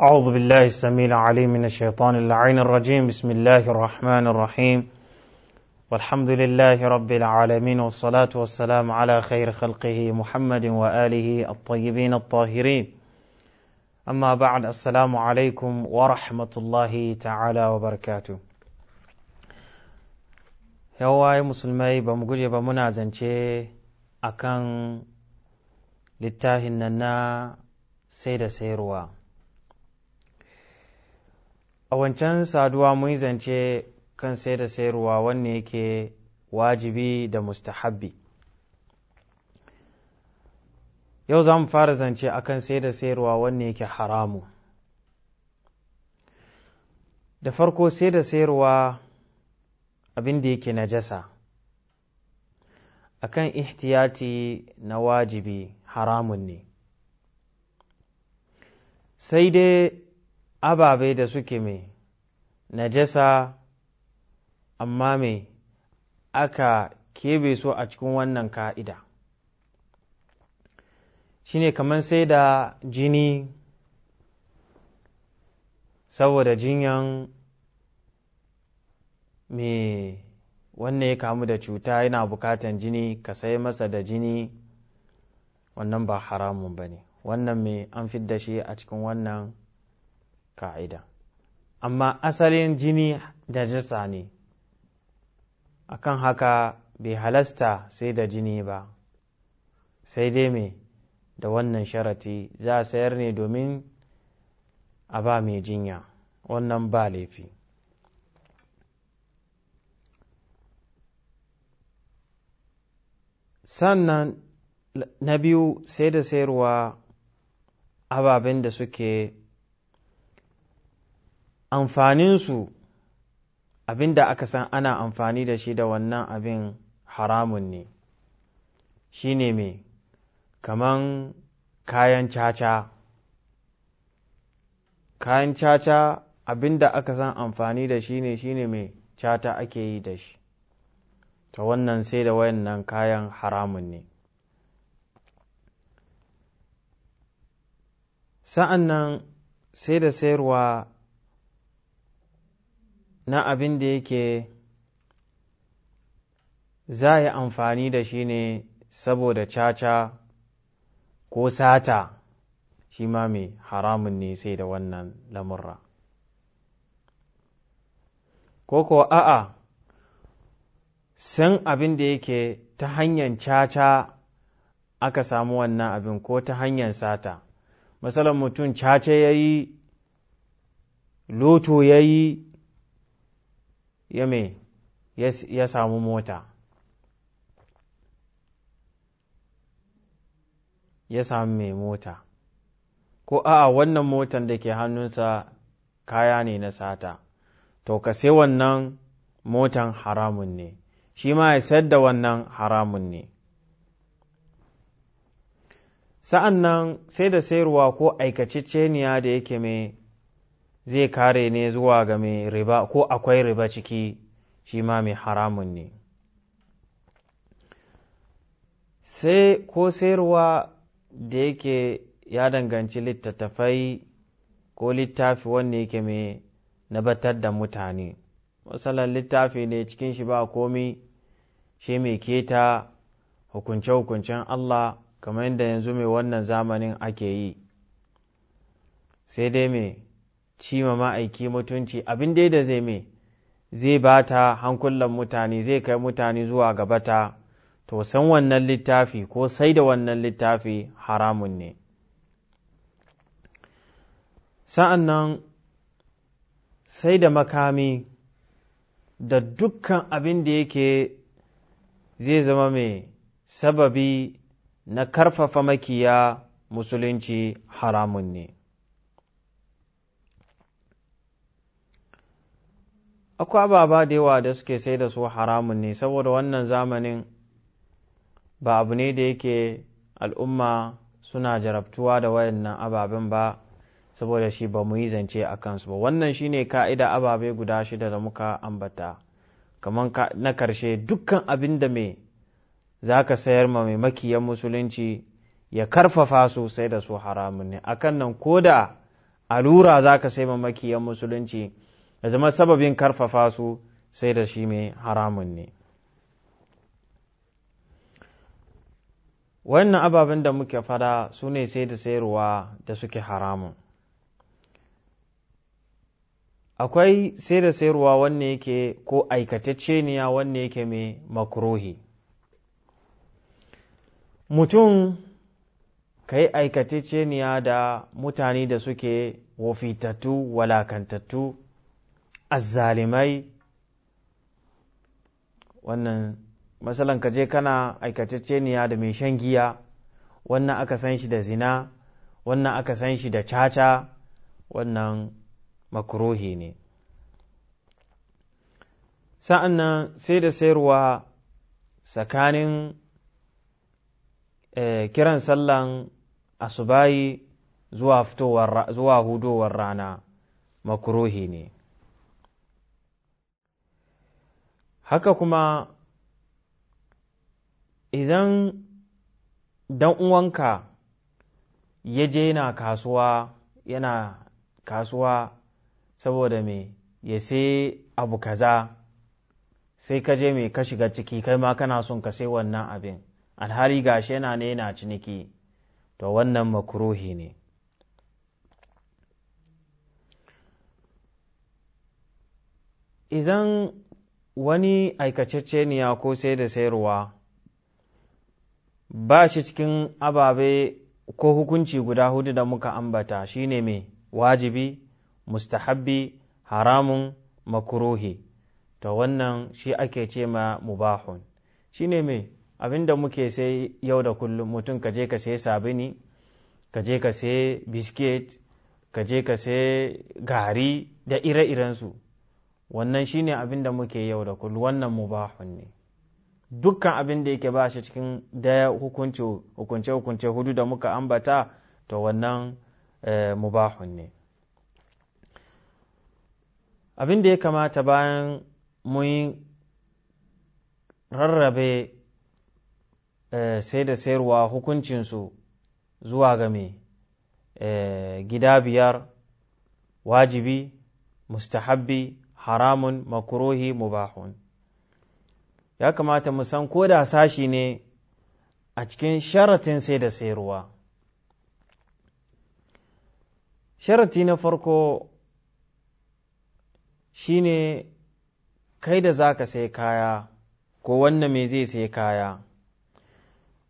أعوذ بالله السميع العليم من الشيطان اللعين الرجيم بسم الله الرحمن الرحيم والحمد لله رب العالمين والصلاة والسلام على خير خلقه محمد وآله الطيبين الطاهرين أما بعد السلام عليكم ورحمة الله تعالى وبركاته هو أي مسلمي بمجرد بمنازن شيء أكن zance سيد سيروا a wancan saduwa mun zance kan sai da sayarwa wanne yake wajibi da mustahabbi yau za mu fara zance akan sai da sayarwa wanne yake haramu da farko sai da sayarwa abin da yake najasa akan ihtiyati na wajibi haramun ne sai dai ababe da suke mai najasa amma mai aka kebe su a cikin wannan ka'ida shine kamar sai da jini saboda jinyan mai wannan ya kamu da cuta yana bukatan jini ka sai masa da jini wannan ba haramun ba ne wannan mai an fidda shi a cikin wannan ka'ida amma asalin jini najasa ne akan haka bai halasta sai da jini ba sai dai me da wannan sharati za a sayar ne domin a ba mai jinya wannan ba laifi sannan na biyu sai da sayarwa ababen da suke amfaninsu abin da aka san ana amfani da shi da wannan abin haramun ne shi ne mai kaman kayan caca kayan caca abin da aka san amfani da shi ne shi ne mai caca ake yi da shi ta wannan sai da wayannan kayan haramun ne sa'an nan sai da sayarwa na abin da yake za yi amfani da shi ne saboda caca ko sata shi ma mai haramun ne sai da wannan lamurra ko ko a'a san abin da yake ta hanyar caca aka samu wannan abin ko ta hanyar sata misalin mutum caca ya yi loto ya yi ya me ya samu mota ya samu mai mota ko a'a wannan motan da ke hannunsa kaya ne na sata to ka sai wannan motan haramun ne shi ma ya sayar da wannan haramun ne sa'an nan sai da sayarwa ko ceniya da yake mai zai kare ne zuwa ga mai riba ko akwai riba ciki shi ma mai haramun ne sai ko sayarwa da yake ya danganci littattafai ko littafi wanda yake mai nabatar da mutane matsalar littafi ne cikin shi ba komi shi mai keta hukunce-hukuncen Allah kamar yadda yanzu mai wannan zamanin ake yi sai dai mai ci ma ma'aiki mutunci abin dai da zai mai zai ba ta hankulan mutane zai kai mutane zuwa gabata to san wannan littafi ko sai da wannan littafi haramun ne sa'an nan sai da makami da dukkan abin da yake zai zama mai sababi na karfafa makiya musulunci haramun ne akwai ababa da yawa da suke sai da su haramun ne saboda wannan zamanin ba abu ne da yake al'umma suna jarabtuwa da wayannan ababen ba saboda shi ba mu yi zance a kansu ba wannan shi ne ka'ida ababe guda shida da muka ambata kamar na karshe dukkan abin da mai za ka sayar ma mai makiyan musulunci ya karfafa su sai da su haramun ne a kan nan ko da alura za ka sai ma makiyan musulunci ya zama sababin karfafa su sai da shi mai haramun ne wannan ababen da muke fada su ne sai da sayarwa da suke haramun akwai sai da sayarwa wanne yake ko aikatacce niya wanne yake mai makrohi mutum ka yi aikatacce niya da mutane da suke wafitattu walakantattu azzalimai wannan masalan ka je kana aikacecceniya da mai shan giya wannan aka san shi da zina wannan aka san shi da caca wannan makurohi ne sa'an nan sai da sayarwa tsakanin eh, kiran sallan asubayi zuwa hudowar rana makurohi ne haka kuma idan dan uwanka ya je yana kasuwa yana kasuwa saboda me ya sai abu kaza sai ka je mai ka shiga ciki kai ma kana son ka sai wannan abin alhali gashi yana ne yana ciniki to wannan makuruhi ne idan wani aikacecceniya ko sai da sayarwa ba shi cikin ababe ko hukunci guda hudu da muka ambata shine mai wajibi mustahabbi haramun makurohi to wannan shi ake ce ma mubahun shine mai abinda muke sai yau da kullum mutum ka je ka sai sabini ka je ka sai biskit ka je ka sai gari da ire-irensu wannan shi ne abin da muke yau da kullum wannan mubahun ne dukkan abin da yake ba shi cikin daya hukunce hukunce hudu da muka ambata to wannan eh, mubahun ne abin da ya kamata bayan mun rarrabe eh, sai da sayarwa hukuncinsu zuwa ga mai eh, gida biyar wajibi mustahabbi haramun makurohi mubahun ya kamata mu san ko da sashi ne a cikin sharatin sai da sayarwa sharati na farko shi ne kai da za ka sai kaya ko wannan me zai sai kaya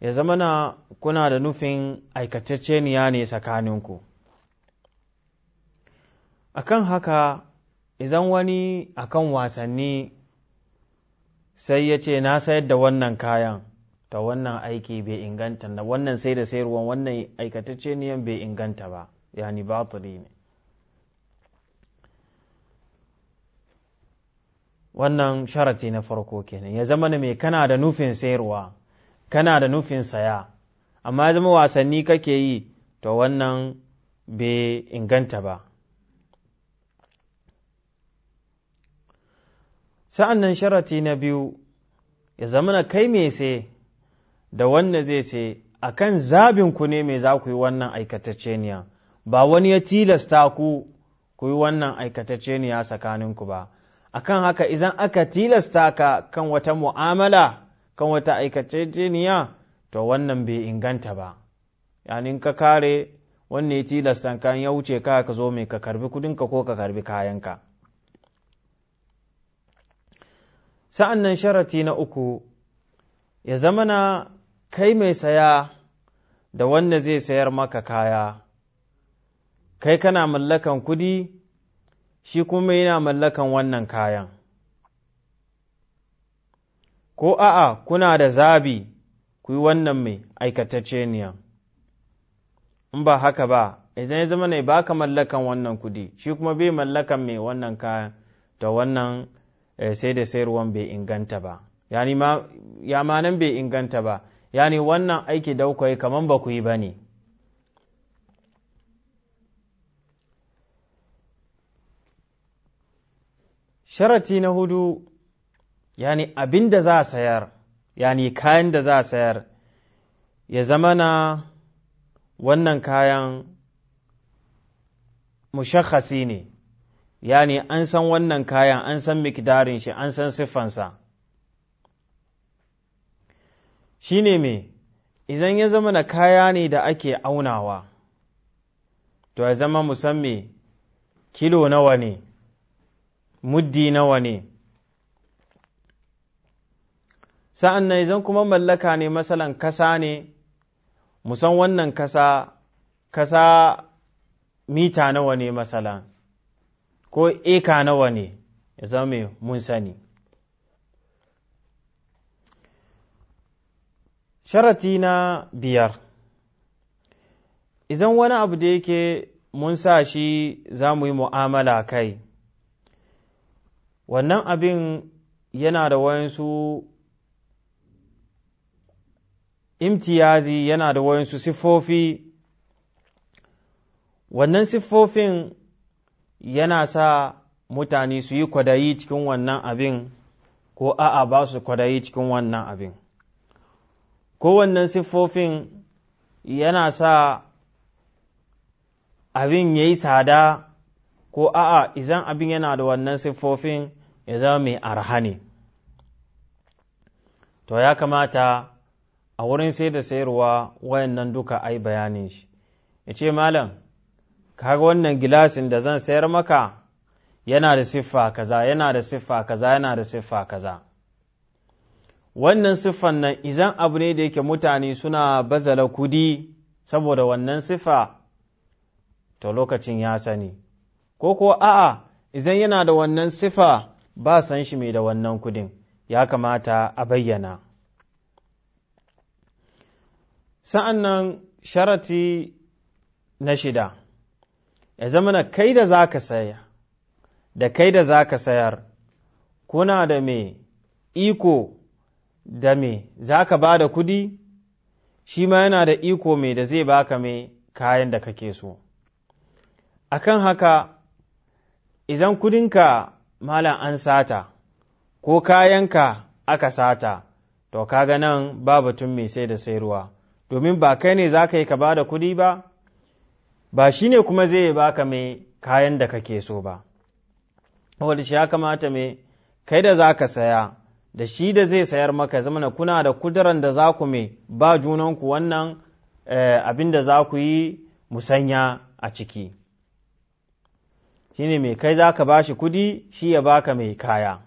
ya zama na kuna da nufin aikatacceniya ne tsakaninku akan haka idan wani a kan wasanni sai ya ce na sayar da wannan kayan ta wannan aiki bai inganta na wannan sai da sayarwan wannan aikatacce niyan bai inganta ba yani batili ne wannan sharati na farko kenan ya zama mai kana da nufin sayarwa kana da nufin saya amma ya zama wasanni kake yi to wannan bai inganta ba sa'an nan sharati na biyu ya zama na kai mai sai da wanda zai sai a kan zabinku ne mai za ku yi wannan aikatacceniya ba wani ya tilasta ku ku yi wannan aikatacceniya tsakaninku ba A kan haka izan aka tilasta ka kan wata mu'amala kan wata aikatacceniya to wannan bai inganta ba yanin ka kare wannan ya tilasta kan ya wuce ka ka zo mai ka karbi kudinka ko ka karbi kayanka sa'an nan sharati na uku ya zama na kai mai saya da wanda zai sayar maka kaya, kai kana mallakan kudi, shi kuma yana mallakan wannan kayan. Ko a'a kuna da zabi ku yi wannan mai aikatacce niyan, in ba haka ba, idan ya zama ne ba ka mallakan wannan kudi, shi kuma bai mallakan mai wannan kayan da wannan Eh, sai da sayarwan bai inganta ba ya ma nan bai inganta ba yani wannan aiki da kuka yi kaman ba ku yi ba ne sharati na hudu yani abin da za a sayar yani kayan da za a sayar ya zama na wannan kayan mushakhasi ne yani an san wannan kayan an san mikdarin shi an san siffansa shi ne me idan ya zama na kaya ne da ake aunawa to ya zama musamman kilo nawa ne muddi nawa ne sa'an nan idan kuma mallaka ne masalan kasa ne musan wannan kasa mita nawa ne masalan ko eka nawa ne ya zama mun sani sharati na biyar idan wani abu da yake mun sa shi za mu yi mu'amala kai wannan abin yana da wayansu imtiyazi yana da wayansu siffofi wannan sifofin. yana sa mutane su yi kwadayi cikin wannan abin ko a'a ba su kwadayi cikin wannan abin wannan siffofin yana sa abin ya yi tsada ko a'a izan abin yana da wannan siffofin ya zama mai arha ne to ya kamata a wurin sai da sayarwa wayannan duka ai bayanin shi ya ce malam kaga wannan gilasin da zan sayar maka yana da siffa kaza yana da siffa kaza yana da siffa kaza wannan siffan nan izan abu ne da yake mutane suna bazala kudi saboda wannan siffa to lokacin ya sani ko ko a'a izan yana da wannan siffa ba san shi mai da wannan kudin ya kamata a bayyana sa'an nan sharati na shida ya zama na kai da za ka saya da kai da za ka sayar kuna da me iko da me za ka ba da kudi shi ma yana da iko me da zai baka me kayan da kake so akan haka idan kudinka malam an sata ko kayanka aka sata to kaga nan ba batun mai sai da sayarwa domin ba kai ne za ka yi ka ba da kudi ba ba shi ne kuma zai baka mai kayan da kake so ba wadda shi ya kamata mai kai da za ka saya da shi da zai sayar maka zamana kuna da kudaran da za ku mai ba junanku wannan eh, abin da za ku yi musanya a ciki shi ne mai kai za ka ba shi kudi shi ya baka mai kaya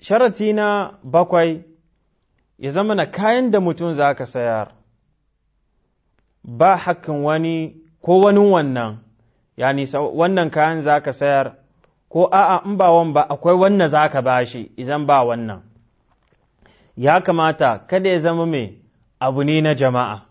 sharati na bakwai ya zamana kayan da mutum za ka sayar ba hakan wani ko wani wannan yani wannan kayan za ka sayar ko a'a in ba wan ba akwai wannan za ka bashi idan ba wannan ya kamata kada ya zama mai abu ne na jama'a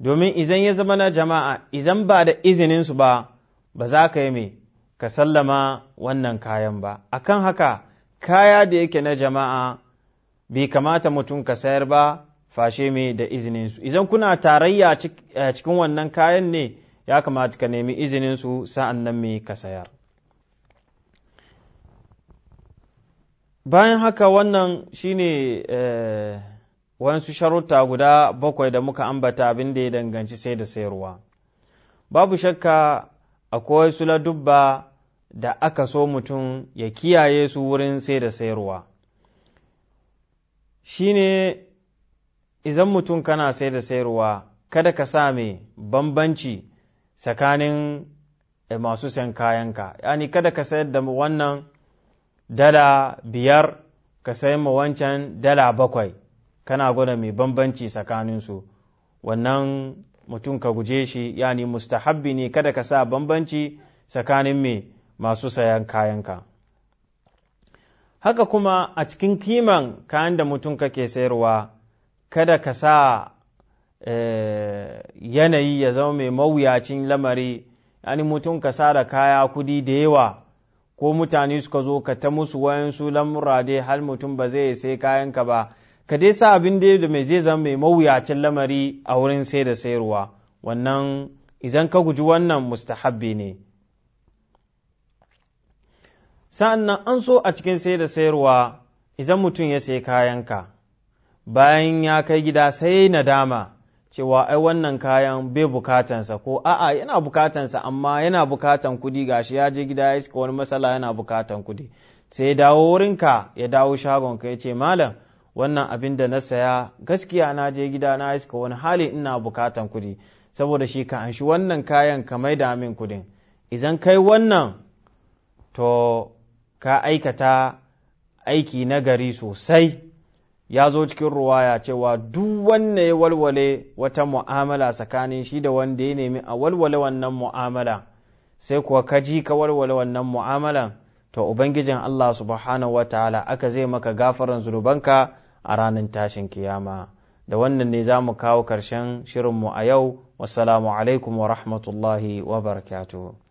domin idan ya zama na jama'a idan ba da izinin su ba ba za ka yi mai ka sallama wannan kayan ba akan haka kaya da yake na jama'a bai kamata mutum ka sayar ba fashe me da izininsu idan kuna tarayya eh, cikin wannan kayan ne ya kamata ka nemi izininsu sa'an nan me ka sayar bayan haka wannan shine eh, wasu sharuta guda bakwai da muka ambata abin da ya danganci sai da sayarwa babu shakka akwai su dubba da aka so mutum ya kiyaye su wurin sai da sayarwa shine Izan mutum kana sai da sayarwa kada ka sa mai bambanci tsakanin eh, masu sayan kayanka yani kada ka sayar da wannan dala biyar ka sayar ma wancan dala bakwai kana gwada mai bambanci tsakaninsu wannan mutum ka guje shi yani mustahabbi ne kada ka sa bambanci tsakanin mai masu sayan kayanka haka kuma a cikin kiman kayan da mutum kake sayarwa kada ka sa eh, yanayi ya zama mai mawuyacin lamari yani mutum ka sa da kaya kudi da yawa ko mutane suka zo ka ta musu wayansu lamura dai har mutum ba zai sai ka ba ka dai sa abin da mai zai zama mai mawuyacin lamari a wurin sai da sayarwa wannan idan ka guji wannan mustahabbi ne sa'an nan an so a cikin sai da sayarwa idan mutum ya sai ka. bayan ya kai gida sai nadama cewa ai wannan kayan bai bukatansa ko a'a yana bukatansa amma yana bukatan kudi shi ya je gida ya iska wani matsala yana bukatan kudi sai dawo wurinka ya dawo shagonka ya ce malam wannan abin da na saya gaskiya na je gida na iska wani hali ina bukatan kudi saboda shi ka anshi wannan kayan ka mai da min kudin idan kai wannan to ka aikata aiki nagari sosai ya zo cikin ruwaya cewa duk wanne ya walwale wata mu'amala tsakanin shi da wanda ya nemi a walwale wannan mu'amala sai kuwa ka ji ka walwale wannan mu'amalan to ubangijin Allah subhanahu wa ta'ala aka zai maka gafaran zunubanka a ranar tashin kiyama da wannan ne za mu kawo shirin shirinmu a yau wassalamu alaikum wa rahmatullahi wa barakatuh